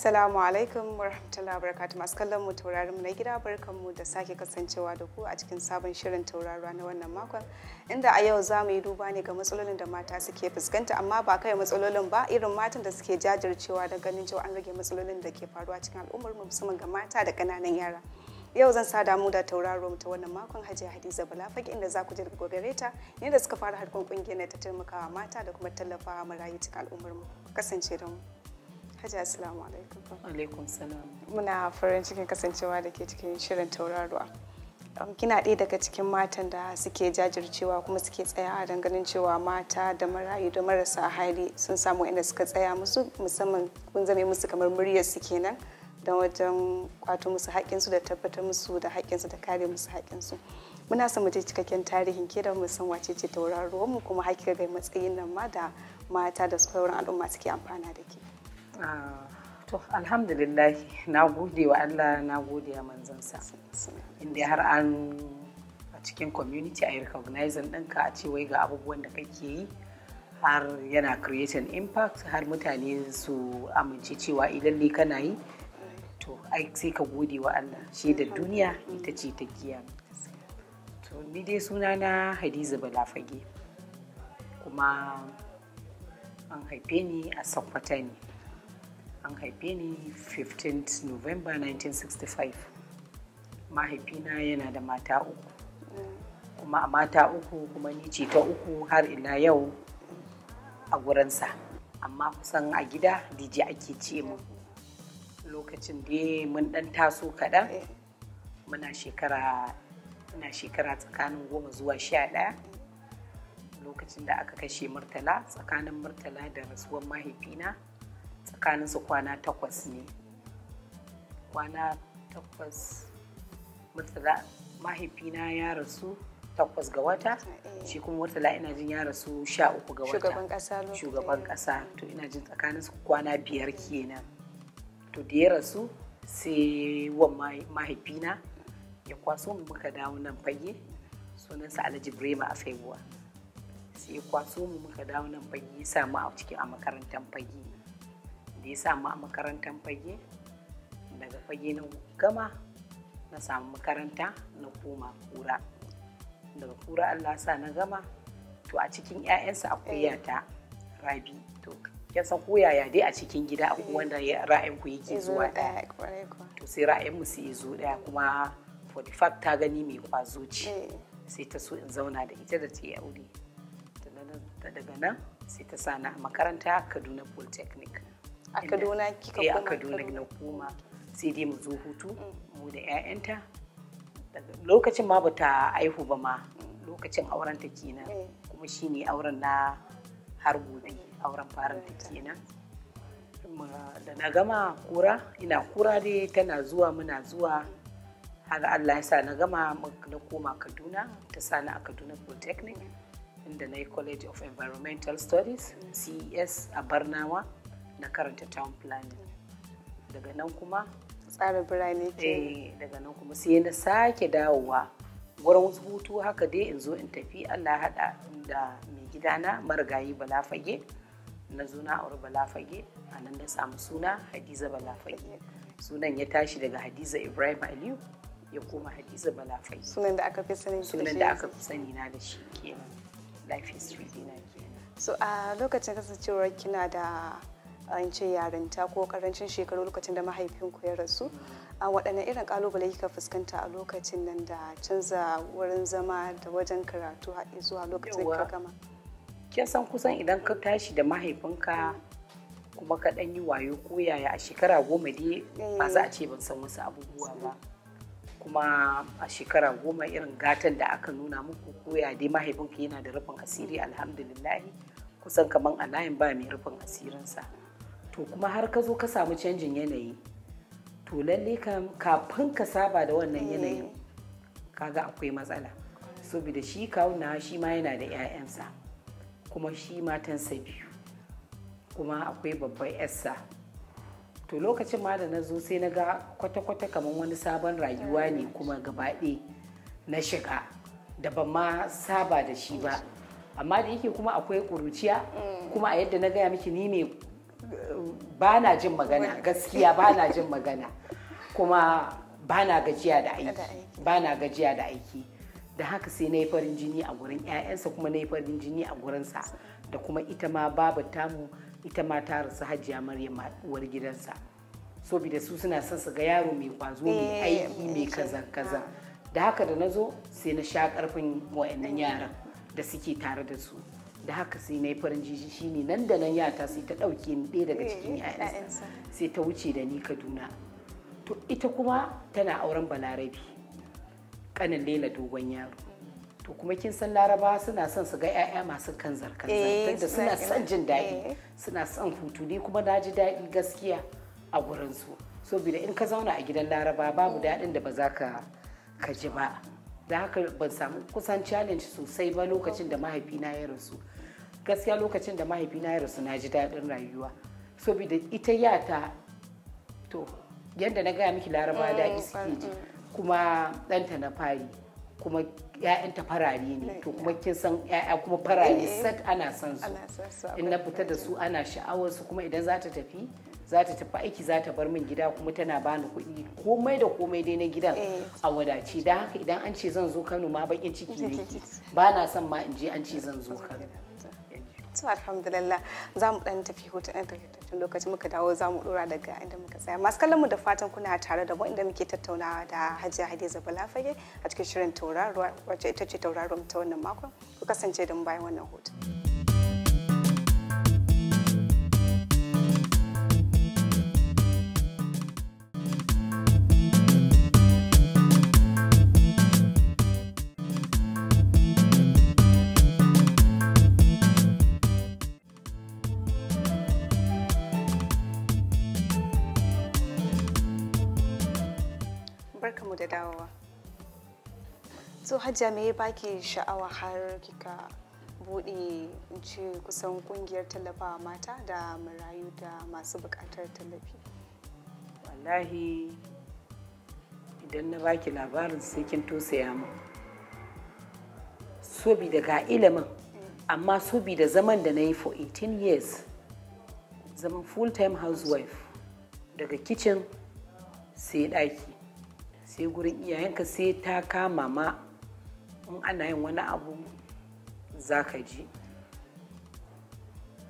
Assalamu alaikum wa rahmatullahi wa barakatuh masu kallon mu taurarin mu na gida barkan mu da sake kasancewa da ku a cikin sabon shirin taurarwa na wannan makon inda a yau za mu yi duba ne ga matsalolin da mata suke fuskanta amma ba kai matsalolin ba irin matan da suke jajircewa da ganin cewa an rage matsalolin da ke faruwa cikin al'ummar mu musamman ga mata da ƙananan yara. yau zan sa mu da tauraro ta wannan makon hajiya hadiza balafaki inda za ku je daga gareta ta ne da suka fara harkar kungiyar ta taimakawa mata da kuma tallafawa marayu cikin al'ummar mu kasance da mu Hajji Assalamu alaikum. Alaikum salam. Muna farin cikin kasancewa da ke cikin shirin tauraruwa. Kina ɗaya daga cikin matan da suke jajircewa kuma suke tsaya don ganin cewa mata da marayu da marasa hali sun samu inda suka tsaya musu musamman kun zame musu kamar muryar su kenan don wajen kwato musu haƙƙinsu da tabbatar musu da haƙƙinsu da kare musu haƙƙinsu. Muna son mu cikakken tarihin ke da musan wace ce tauraruwa mu kuma haƙƙi ga matsayin nan ma da mata da sauran al'umma suke amfana da ke. Ah, to alhamdulillah na gode wa Allah na gode wa manzansa inda har an a cikin community a yi recognizing ɗinka a ce wai ga abubuwan da kake yi har yana creating impact har mutane su amince cewa idan eh, ne kana yi to ai sai ka gode wa Allah shi da duniya ita ce ta giya to ni dai suna na Hadiza Balafage kuma an haife ni a sakwata ne an haife ni 15 th november 1965 mahaifina yana da mata uku kuma a mata uku kuma ni ce ta uku har ila yau a gurinsa amma kusan a gida dije ake ce mu lokacin da mun dan taso kaɗan muna shekara muna shekara tsakanin goma zuwa sha ɗaya lokacin da aka kashe murtala tsakanin murtala da rasuwar mahaifina tsakaninsu kwana takwas ne kwana takwas murtala mahaifina ya rasu takwas ga wata eh. shi kuma murtala ina jin ya rasu sha uku ga wata shugaban kasa to ina jin tsakaninsu kwana biyar kenan to da ya rasu sai wa mahaifina ya kwaso mu muka dawo nan fage sunansa alhaji brema a faibuwa sai ya kwaso mu muka dawo nan fage ya samu a cikin a makarantar fage da ya samu a makarantar fage daga fage na gama na samu makaranta na koma kura daga kura allah sa na gama to a cikin 'ya'yansa akwai eh. yata rabi to ya san ko yaya dai a cikin gida akwai eh. wanda ra'ayin ku yake zuwa daya to sai ra'ayin mu sai zo daya kuma 45 ta gani mai kwazo ce eh. sai ta so in zauna da ita da ta yi aure daga nan sai ta sani a makaranta kaduna polytechnic a kaduna kika eh, koma a kaduna na koma sai dai mu zo hutu mm. mu da 'ya'yanta lokacin ma ta aihu ba ma mm. lokacin auren ta kenan eh. kuma shine auren na har gobe auren farin ta kenan da na gama kura ina kura dai tana zuwa muna zuwa har Allah ya sa na gama na koma Kaduna ta sani a Kaduna Polytechnic mm. inda na yi College of Environmental Studies CES a Barnawa na karanta town planning daga nan kuma tsara birane ce eh, daga nan kuma sai na sake dawowa wurin hutu haka dai in zo in tafi allah haɗa da mai gida na marigayi balafage na zuna aure auri balafage a nan na samu suna hadiza balafage sunan ya tashi daga hadiza ibrahim aliyu ya koma hadiza balafage sunan da aka fi sani sunan da aka fi sani na da shi kenan life history dina kenan so a lokacin kasancewar kina da an ce yarinta ko karancin shekaru lokacin da mahaifinku ya rasu a waɗanne irin kalubale kika fuskanta a lokacin nan da canza wurin zama da wajen karatu haɗe zuwa lokacin ka gama kin san kusan idan ka tashi da mahaifinka kuma ka ɗan yi wayo ko yaya a shekara goma dai ba za a ce ban san wasu abubuwa ba kuma a shekara goma irin gatan da aka nuna muku koya dai mahaifinka yana da rufin asiri alhamdulillahi kusan kaman a layin ba mai rufin asirinsa to kuma har ka zo ka samu canjin yanayi to lalle kafin ka saba da wannan mm. yanayin kaga akwai matsala saboda shi kawuna shi ma yana da 'ya'yansa kuma shi matansa biyu kuma akwai babbar 'yarsa to lokacin ma da na zo sai na ga kwata-kwata kamar wani sabon rayuwa ne mm. kuma gabaɗe na shiga da ban ma saba da shi ba mm. amma da yake kuma akwai ƙuruciya kuma a yadda na gaya miki ni ne bana jin magana gaskiya ba jin magana kuma bana gajiya da aiki bana gajiya da aiki da haka sai na yi farin jini a gurin 'ya'yansa kuma na yi farin jini a gurinsa da kuma ita ma babu tamu ita ma ta rasu hajiya maryam uwar gidansa saboda su suna son su ga yaro mai kwazo mai eh, aiki mai kazan kazan da haka da na zo sai na sha karfin waɗannan yaran da suke tare da su da haka sai na yi farin jiji shine nan da nan yata sai ta ɗauke ni ɗaya daga eh, cikin yayansa eh, sai ta wuce da ni kaduna to ita kuma tana auren balarabi kanin lela dogon yaro to kuma kin san laraba suna son su ga 'ya'ya masu kanzar zarkan eh, tunda suna son jin daɗi suna son hutu ni kuma na ji daɗi gaskiya a gurinsu saboda in ka zauna a gidan laraba babu daɗin da ba za ka ka ji ba da haka ban samu kusan challenge sosai ba lokacin da mahaifina ya rasu gaskiya lokacin da mahaifina ya rasu na ji daɗin rayuwa saboda ita yata to yadda na gaya miki laraba da mm, suke ji mm, mm. kuma ɗanta na fari kuma ‘ya'yanta farare ne to kuma kin san ‘ya'ya kuma farare eh, eh. sat ana san su in na fita da su ana sha'awar su kuma idan za ta tafi za ta tafi aiki za ta bar min gida kuma tana bani kuɗi komai da komai dai na gidan eh. a wadace da haka idan an ce zan zo Kano ma bakin ciki ne ba na son ma in je an ce zan zo Kano to alhamdulillah za mu dan tafi hutun ɗan tafi lokaci muka dawo za mu dora daga inda muka tsaya masu kallon mu da fatan kuna tare da mu inda muke tattaunawa da hajiya hadiza balafage a cikin shirin tauraro wacce ita ce tauraron ta wannan makon ku kasance da mu bayan wannan hutun. hajja me ya baki sha'awa har kika buɗe in ce kusan kungiyar tallafawa mata da marayu da masu bukatar tallafi wallahi idan na baki labarin sai kin tosaya min so bi daga ilimin mm. amma bi da zaman da na yi for 18 years zaman full time housewife daga kitchen sai ɗaki sai gurin iyayenka sai ta kama ma in ana yin wani abu za ka ji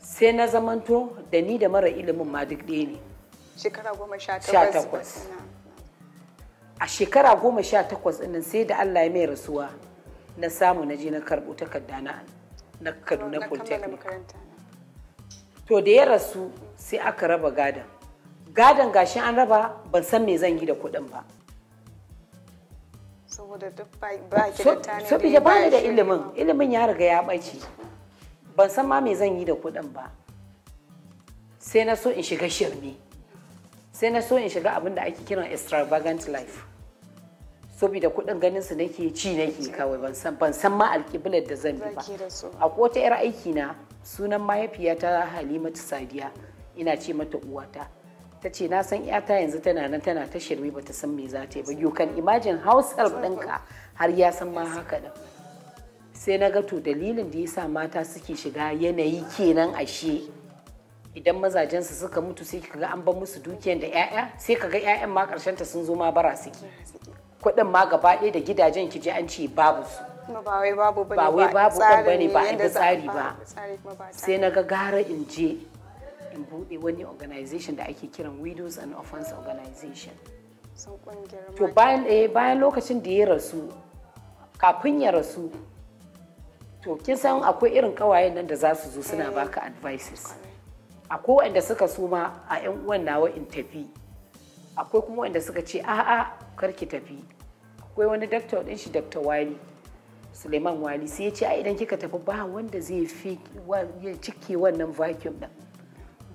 sai na zamanto da ni da mara ilimin ma duk ɗaya ne sha takwas a shekara goma sha takwas ɗinnan sai da allah ya mai rasuwa na samu na je na karɓo takarda na kaduna polytechnic to da ya rasu sai aka raba gadon gadon gashi an raba ban san me zan yi da kuɗin ba saboda duk ba ki da ba da ilimin ilimin ya riga ya ɓaci ban san ma me zan yi da kuɗin ba sai na so in shiga shirme sai na so in shiga abin da ake kiran extravagant life saboda kuɗin ganin su nake ci nake kawai ban san ban san ma alƙiblar da zan bi ba a ta yar aiki na sunan mahaifiyata Halimatu Sadiya ina ce mata uwata ta ce na san ta yanzu tana nan tana ta shirme ta san me za ta yi ba you can imagine househelp ɗinka har ya san ma haka ɗin sai na ga to dalilin da ya sa mata suke shiga yanayi kenan ashe idan mazajensu suka mutu sai kaga an bar musu dukiyar da 'ya'ya sai kaga 'ya'yan ma karshen ta sun zo ma bara suke kuɗin ma gaba ɗaya da gidajen ki ji an ce babu su ba wai babu ba ne ba a tsari ba sai na ga gara in je in buɗe wani organization da ake kiran widows and orphans organization to eh, bayan lokacin da ya rasu kafin ya rasu to kin san akwai irin kawayen nan da za su zo suna baka eh, advices akwai wanda suka suma a yan uwan nawa in tafi akwai kuma wanda suka ce a'a kar ki tafi akwai wani doctor din shi dr wali suleiman wali sai ya ce a idan kika tafi ba wanda zai fi ya cike wannan vacuum din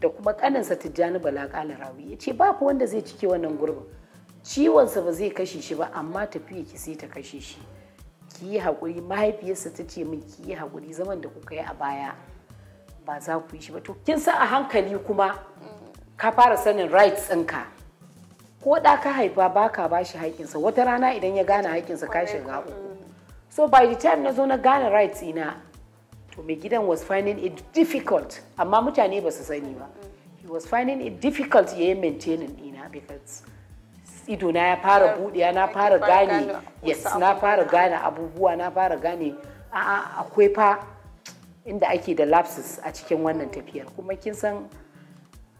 da kuma kaninsa tijjani bala kala rawi ya ce ba wanda zai cike wannan gurbin ciwonsa ba zai kashe shi ba amma tafiya ki sai ta kashe shi ki yi haƙuri mahaifiyarsa ta ce min ki yi haƙuri zaman da kuka yi a baya ba za ku yi shi ba to kin san a hankali kuma ka fara sanin rights ɗinka ko ɗa ka haifa ba ka ba shi sa. wata rana idan ya gane sa ka shiga uku so by the time na zo na gane rights ina to mai gidan was finding it difficult amma mutane ba su sani ba he was finding it difficult ya yi maintaining dina because ido na ya fara buɗewa na fara gane yes na fara gane abubuwa na fara gane a'a akwai fa inda ake da lapses a cikin wannan tafiyar kuma kin san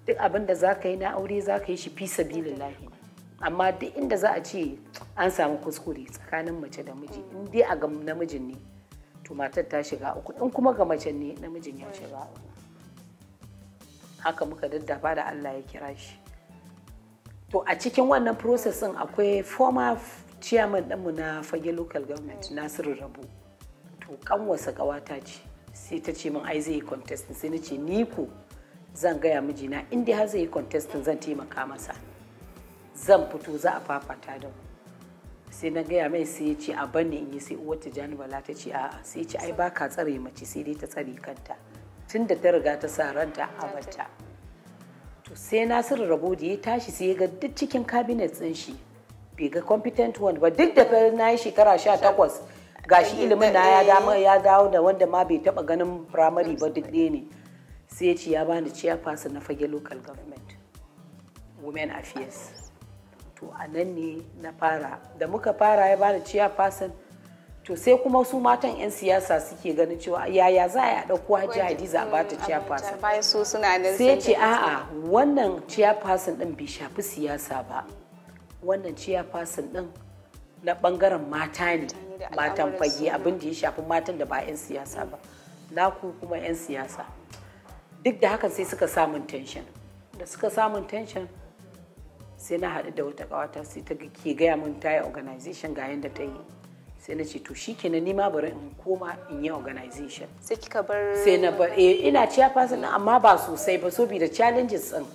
duk abin da za ka yi na aure za ka yi shi fi lahi amma duk inda za a ce an samu kuskure tsakanin mace da miji in dai a ga namijin ne to matar ta shiga uku in kuma ga mace ne namijin ya shiga uku haka muka daddafa da Allah ya kira shi to a cikin wannan process din akwai former chairman ɗinmu na fage local government nasiru rabu to kanwasa ƙawata ce sai ta ce min ai zai yi contesting sai na ce ni ko zan gaya mijina in dai har zai yi contesting zan taimaka masa zan fito za a fafata da ku sai na gaya mai sai ya ce a banne in yi sai uwar jani bala ta ce a'a sai ya ce ai ba ka tsare mace sai dai ta tsare kanta tun da ta riga ta sa ranta a bata to sai nasiru rabo da ya tashi sai ya ga duk cikin cabinet din shi bai ga competent one ba duk da na yi shekara sha takwas gashi ilimin na ya dawo da wanda ma bai taba ganin primary ba duk ɗaya ne sai ya ce ya bani chairperson na fage local government women affairs to a nan ne na fara da muka fara ya bani ciya fasan to sai kuma su matan 'yan siyasa suke ganin cewa yaya za a ɗauko hajji hadiza a bata ciya fasan sai ce a'a wannan ciya fasan ɗin bai shafi siyasa ba wannan ciya fasan ɗin na bangaren mata ne matan fage abin da ya shafi matan da ba 'yan siyasa ba naku kuma 'yan siyasa duk da hakan sai suka samun tension da suka samun tension sai na haɗu da wata ƙawata sai ta ke gaya min ta yi organization ga yadda ta yi sai na ce to shi kenan ni ma bari in koma in yi organization sai kika bar sai na bar eh ina ciya na amma ba sosai ba da challenges din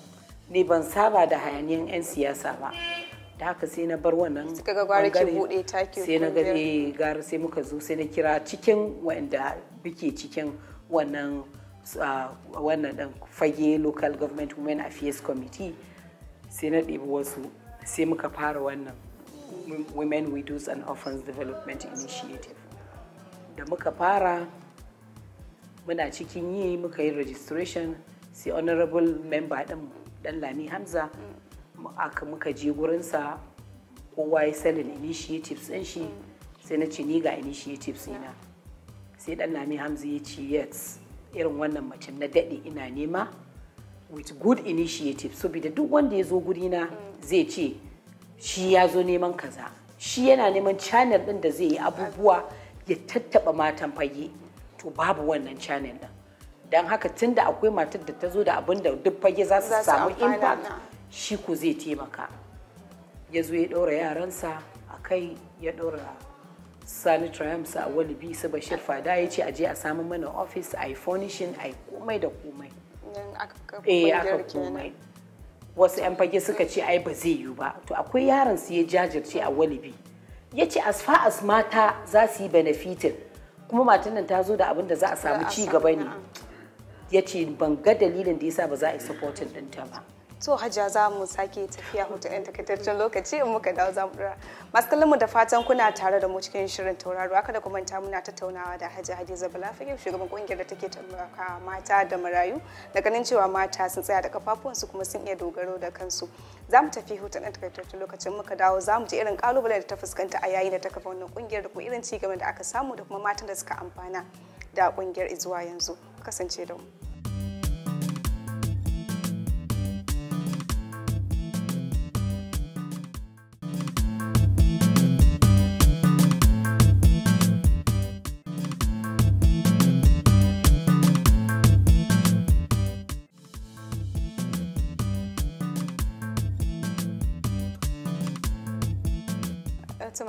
ne ban saba da hayaniyan yan siyasa ba da haka sai na bar wannan suka ga gwara ki bude take sai na ga eh gara sai muka zo sai na kira cikin wanda muke cikin wannan ah, wannan din fage local government women affairs committee sai na ɗebi wasu sai muka fara wannan women widows and orphans development initiative da muka fara muna cikin yi muka yi registration sai honorable member ɗin dan lami hamza aka muka je gurinsa kowa ya selin initiatives ɗin shi sai na ce ni ga initiatives ina sai dan lami hamza ya ce yes irin wannan mace na daɗe ina nema with good initiative saboda duk wanda ya zo gurina zai ce shi ya zo neman kaza shi yana neman channel din da zai yi abubuwa ya tattaba matan fage to babu wannan channel din don haka tunda akwai matar da ta zo da abin da duk fage za su samu impact shi ku zai taimaka ya zo ya ɗora yaransa a kai ya ɗora sani triumphs a wani bi su bashir fada ya ce aje a samu mana office a yi furnishing a yi komai da komai aka eh, wasu 'yan fage suka ce ai ba zai yiwu ba to akwai yaron su ya jajirce a walibi ya ce as far mata za su yi benefitin kuma matan nan ta zo da abin da za a samu ci gaba ne ya ce ban ga dalilin da ya sa ba za a yi supporting ɗinta ba to hajja za mu sake tafiya hutu yan takaitaccen lokaci in muka dawo za mu dora masu kallon mu da fatan kuna tare da mu cikin shirin tauraro aka da manta muna tattaunawa da hajiya hadiza balafage shugaban kungiyar da take taimaka mata da marayu da ganin cewa mata sun tsaya da kafafuwansu kuma sun iya dogaro da kansu za mu tafi hutu yan takaitaccen lokacin muka dawo za mu ji irin kalubale da ta fuskanta a yayin da ta kafa wannan kungiyar da kuma irin cigaban da aka samu da kuma matan da suka amfana da kungiyar izuwa yanzu kasance da mu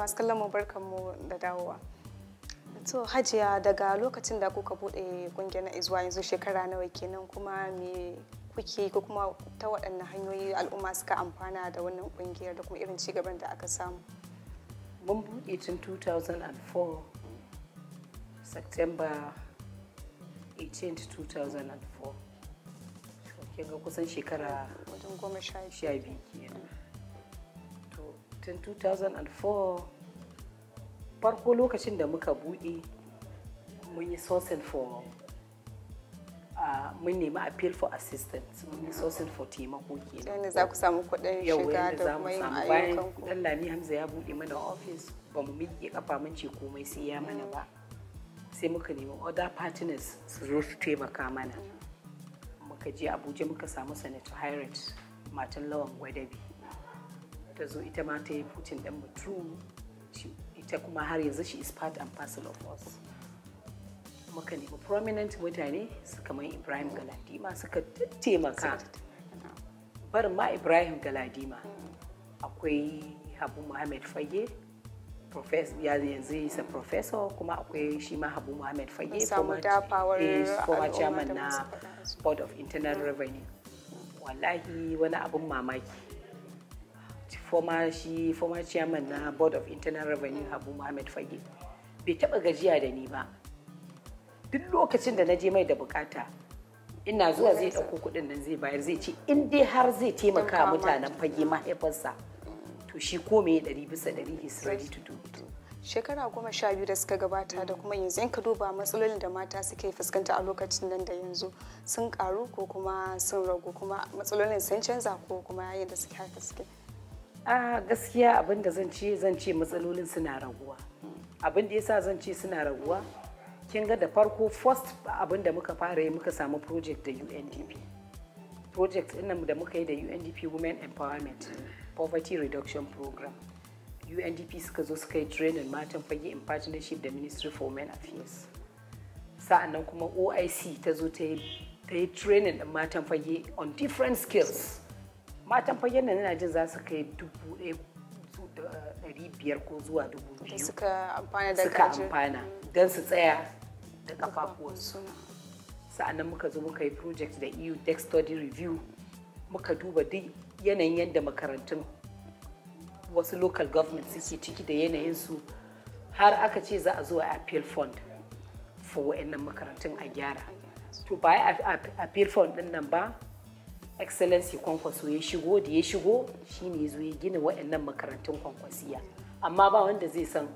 masu kallon mu barkanmu da dawowa. To Hajiya daga lokacin da kuka bude kungiyar na izuwa yanzu shekara nawa kenan kuma me kuke ko kuma ta waɗannan hanyoyi al'umma suka amfana da wannan kungiyar da kuma irin cigaban da aka samu. Mun buɗe tun 2004 September 18 2004. Kin ga kusan shekara biyu kenan. tun 2004 farko lokacin da muka buɗe mun yi sourcing for mun nemi appeal for assistance mun yi sourcing for taimako ke yadda za ku samu kuɗin shiga da kuma yin ayyukan ku bayan lami hamza ya buɗe mana office ba mu miƙe kafa mun ce komai sai ya mana ba sai muka nemi other partners su zo su taimaka mana mm. muka je abuja muka samu senator hirat matan lawan gwadabi ta zo ita ma ta yi putin ɗan mutum ita kuma har yanzu shi is part and parcel of us muka nemi prominent mutane su kamar ibrahim galadima suka taimaka barin ma ibrahim galadima akwai habu muhammad fage ya yanzu isa professor kuma akwai shi ma habu muhammad fage former eh, chairman na board of internal revenue wallahi wani abin mamaki former shi former chairman na board of internal revenue habu muhammad fage bai taba gajiya da ni ba duk lokacin da na je mai da bukata ina zuwa zai ɗauko kuɗin nan zai bayar zai ce in dai har zai taimaka mutanen fage mahaifarsa to shi ko me bisa dari is ready to do shekara goma sha biyu da suka gabata da kuma yanzu in ka duba matsalolin da mata suke fuskanta a lokacin nan da yanzu sun karu ko kuma sun ragu kuma matsalolin sun canza ko kuma yayin da suke haka suke a gaskiya abin da zan ce zan ce matsalolin suna raguwa abin da yasa zan ce suna raguwa kin ga da farko first abin da muka fara yi muka samu project da UNDP project ɗin da muka yi da UNDP Women Empowerment Poverty Reduction Program UNDP suka zo suka yi training matan fage in partnership da Ministry for Women Affairs sa'annan kuma OIC ta zo ta yi training ɗin matan fage on different skills matan fagen nan na jin za su kai dubu ɗari biyar ko zuwa dubu biyu suka amfana amfana don su tsaya da kafafuwansu sa'annan muka zo muka yi project da eu tech study review muka duba duk yanayin yadda makarantun wasu local government suke ciki da yanayin su har aka ce za a zo a appeal fund for wa'annan makarantun a gyara to ba appeal fund din nan ba excellency kwankwaso ya shigo da ya shigo shine zo ya gina waɗannan makarantun kwankwasiya amma ba wanda zai san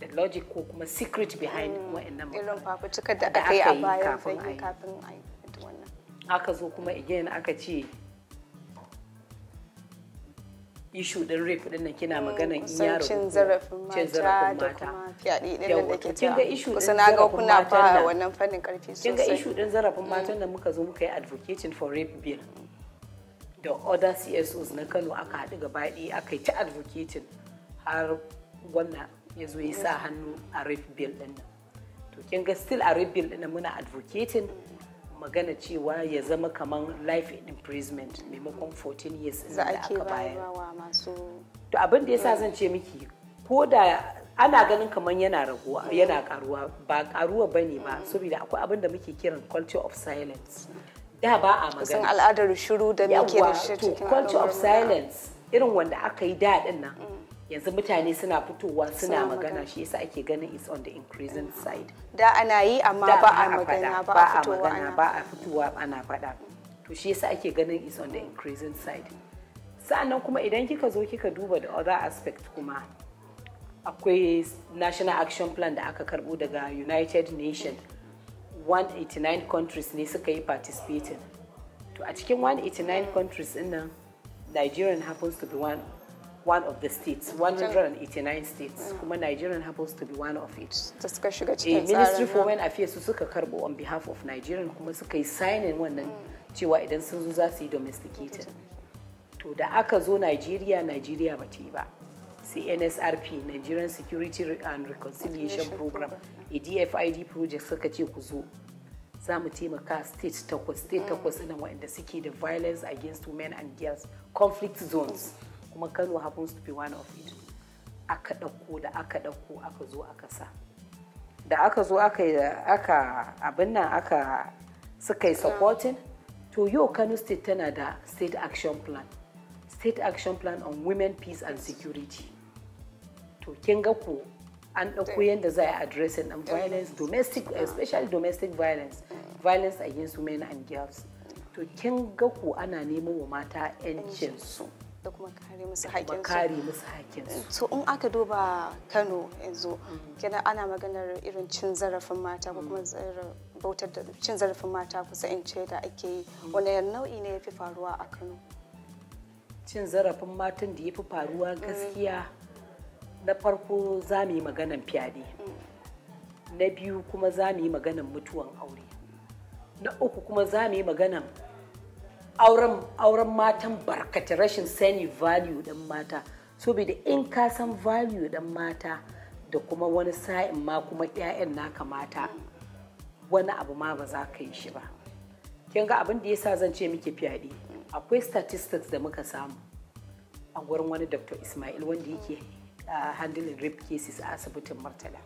the logic ko kuma secret behind mm, waɗannan irin fafutuka da aka yi a bayan fage kafin a yi wannan aka zo kuma again aka ce ishu din rape din nan kina mm, maganan in yaro cin zarafin mata da kuma fyaɗe din da ke cewa kusa na ga kuna fara wannan fannin karfi sosai kinga ishu din zarafin mm. matan da muka zo muka yi advocating for rape bill da other csos na kano aka haɗu gaba gabaɗi aka yi ta advocating har wannan ya zo ya sa hannu a rape bill ɗin nan to kin ga still a rape bill ɗin nan muna advocating magana cewa ya zama kaman life imprisonment maimakon 14 years da aka bayar to abin da ya sa zan ce miki ko da ana ganin kaman yana raguwa yana karuwa ba karuwa bane ba saboda akwai abin da muke kiran culture of silence da ba a magana kusan al'adar shiru da muke da shi cikin culture of silence irin wanda aka yi da din nan mm. yanzu mutane suna fitowa suna magana shi yasa ake ganin is on the increasing mm. side da ana yi amma ba a magana ba a fitowa ba a fitowa ana faɗa to shi yasa ake ganin is on the increasing side sa'annan kuma idan kika zo kika duba da other aspect kuma akwai national action plan da aka karbo daga united nations 189 countries ne suka yi participating to a cikin 189 countries in nan nigerian happens to be one one of the states 189 states mm. kuma nigerian happens to be one of it da suka shiga eh, cikin tsarin ministry for women affairs su suka karbo on behalf of nigerian kuma suka yi signing wannan mm. cewa idan sun zo za su yi domesticated to da aka zo nigeria nigeria ba ta yi ba sai nsrp nigerian security and reconciliation program dfid project suka ce ku zo za mu taimaka state takwas state takwas ɗin waɗanda suke da violence against women and girls conflict zones kuma kano happens to be one of it aka ɗauko da aka ɗauko aka zo aka sa da aka zo aka abin nan aka suka yi supporting to yau kano state tana da state action plan state action plan on women peace and security to kin ga ku an ɗauko yadda za a addressing ɗin violence domestic especially domestic violence violence against women and girls to kin ga ku ana nemo wa mata su da kuma kare musu kuma kare musu haƙƙinsu to in aka duba Kano yanzu mm-hmm. kina ana maganar irin cin zarafin mata ko kuma mm-hmm. bautar da cin zarafin mata kusa in ce da ake yi mm-hmm. wanda nau'i ne ya fi faruwa a Kano cin zarafin matan da ya fi faruwa mm. gaskiya na farko za mu yi maganan fyaɗe na biyu kuma za mu yi maganan mutuwan aure na uku kuma za mu yi maganan auren matan barkata rashin sani value ɗin mata da in ka san value ɗin mata da kuma wani sa'in ma kuma 'ya'yan naka mata wani abu ma ba za ka yi shi ba kin ga abin da yasa zan ce muke fyaɗe akwai statistics da muka samu a gurin wani dr ismail wanda yake handling rape cases a asibitin Murtala.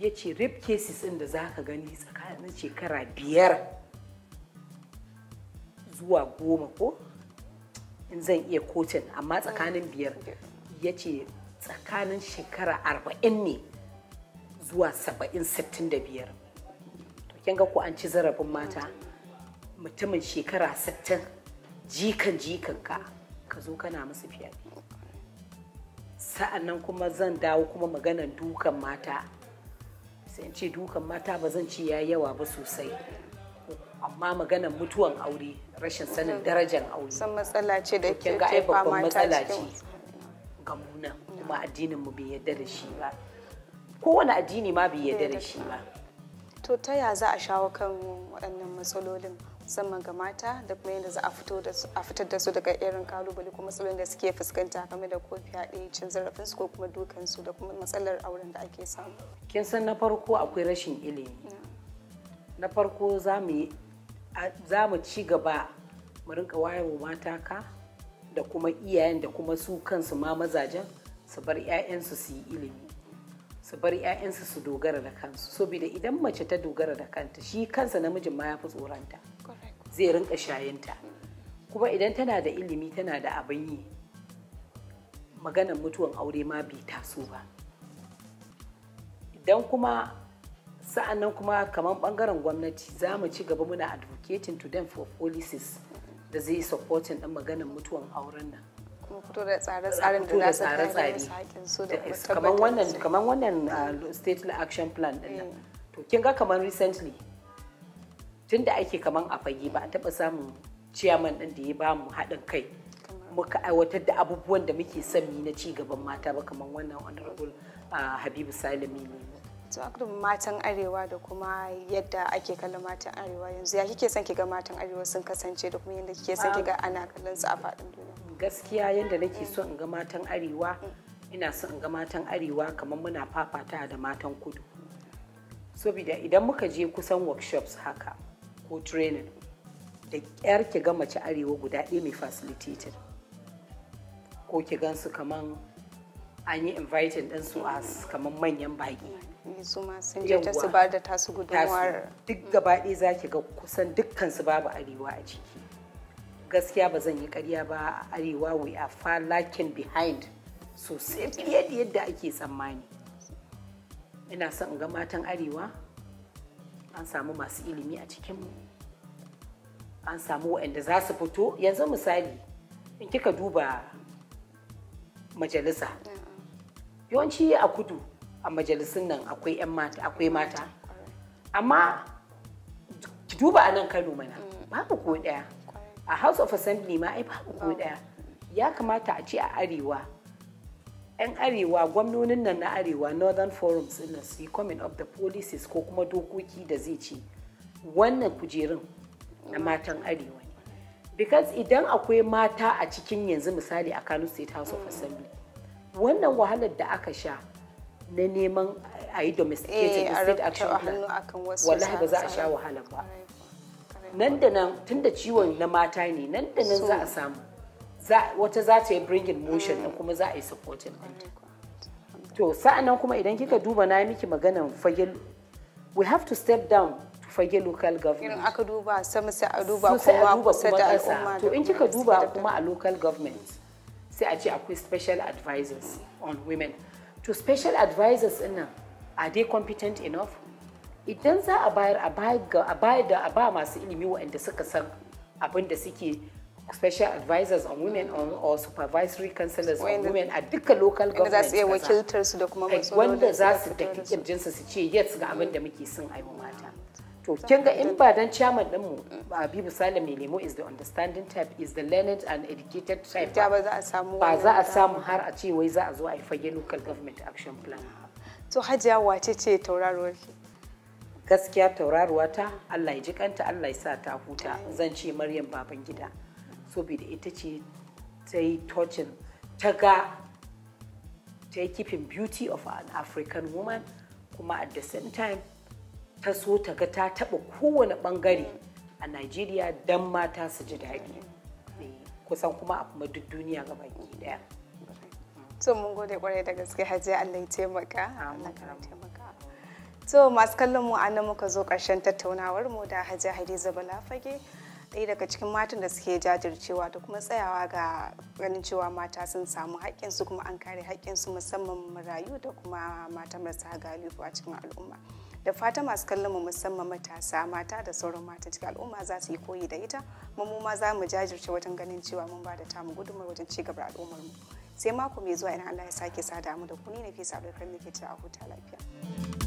Ya ce rape cases ɗin da za ka gani tsakanin shekara biyar zuwa goma ko in zan iya kotun amma tsakanin biyar ya ce tsakanin shekara arba'in ne zuwa saba'in sittin da biyar to kin ga ko an ci zarafin mata mutumin shekara sittin jikan jikan ka ka zo kana musu fiye sa'annan kuma zan dawo kuma maganar dukan mata sai ce dukan mata ba zan ci ya yawa ba sosai amma maganar mutuwan aure rashin sanin darajar aure san matsala ce da ke ga babban matsala ce ga muna kuma addinin mu bai yarda da shi ba kowane addini ma bai yarda da shi ba to ta ya za a shawo kan waɗannan matsalolin musamman ga mata da kuma yadda za a fitar da su daga irin kalubale kuma matsalolin da suke fuskanta game da ko fyaɗe cin zarafin su ko kuma dukan su da kuma matsalar auren da ake samu kin san na farko akwai rashin ilimi na farko za mu ci gaba mu rinka wayarwa mata ka da kuma iyayen da kuma su kansu ma mazajen su bar 'ya'yansu su yi ilimi su bar 'ya'yansu su dogara da kansu saboda idan mace ta dogara da kanta shi kansa namijin ma ya fi tsoronta zai rinka shayinta kuma idan tana da ilimi tana da abin yi maganar mutuwan aure ma bai taso ba idan kuma sa'an nan kuma kamar bangaren gwamnati za mu ci gaba muna advocating to them for policies da zai supporting din maganar mutuwan auren nan kuma fito da tsare-tsaren da za su kamar wannan ah, state action plan din nan eh. to kin ga kamar recently tun da ake kaman a fage ba a taɓa samun ciyaman ɗin da ya ba mu haɗin kai muka aiwatar da abubuwan da muke sami na ci gaban mata ba kaman wannan honorable habibu salimi ne to matan arewa da kuma yadda ake kallon matan arewa yanzu ya kike son ga matan arewa sun kasance da kuma yadda kike son kiga ana kallon su a faɗin duniya gaskiya yadda nake mm. so in ga matan arewa mm. ina so in ga matan arewa kamar muna fafata da matan kudu saboda idan muka je kusan workshops haka ko training da yar ki ga mace arewa guda ɗaya mai facilitated ko ki su kaman an yi inviting ɗin su as kaman manyan baƙi eh, su ma su tasu gudunmuwar duk gaba ɗaya za ki ga kusan dukkan su babu arewa a ciki gaskiya ba zan yi karya ba a arewa we are far lacking behind sosai fiye da yadda ake tsammani ina son in ga matan arewa an samu masu ilimi a cikinmu an samu waɗanda za su fito yanzu misali in kika duba majalisa yawanci a kudu a majalisun nan akwai 'yan mata akwai mata amma ki duba a nan kano mana babu ko daya a house of assembly ma ai babu ko daya ya kamata a ce a arewa 'yan arewa gwamnonin nan na arewa northern forum nan su yi coming up the policies ko kuma dokoki da zai ce wannan kujerun na matan arewa ne because idan akwai mata a cikin yanzu misali a kano state house of assembly wannan wahalar da aka sha na neman a yi domesticated eh, state wallahi ba za a sha wahala ba nan da nan tunda ciwon na mata ne nan da nan za a samu wata za ta yi bring in motion din kuma za a yi supporting ɗinta to sa'annan kuma idan kika duba na miki maganan fage we have to step down to fage local government aka duba sai a duba kuma da to in kika duba kuma a local government sai a ce akwai special advisors on women to special advisors ina are they competent enough idan za a bayar a bayar da a ba masu ilimi waɗanda suka san abinda da suke special advisors on women on, or supervisory counselors on women a duka local government za su iya wakiltar su da kuma masu wanda za su tafi su ce yes ga abin da muke son a mata to kin ga in ba dan chairman din mu Habibu Sale mai lemo is the understanding type is the learned and educated type ba za a samu samu har a ce wai za a zo a yi fage local government action plan to hajiya wace ce tauraruwarki gaskiya tauraruwa ta Allah ya ji Allah ya sa ta huta zan ce Maryam Babangida saboda ita ce ta yi touching ta ga ta yi keeping beauty of an african woman kuma at the same time ta so ta ga ta taba kowane bangare a nigeria don mata su ji daɗi eh, kusan kuma a kuma duk duniya gaba daya so mun gode kwarai da gaske hajji allah taimaka so masu kallon mu a muka zo ƙarshen tattaunawar mu da hajji hadiza balafage ɗaya daga cikin matan da suke jajircewa da kuma tsayawa ga ganin cewa mata sun samu su kuma an kare su musamman marayu da kuma mata marasa galibu a cikin al'umma da fata masu kallon mu musamman matasa mata da sauran mata cikin al'umma za su yi koyi da ita mu mu ma za mu jajirce wajen ganin cewa mun ba da tamu gudunmawa wajen ci gaba al'ummar mu sai mako mai zuwa idan Allah ya sake sada mu da kuni ne fi sabar kan ta a huta lafiya.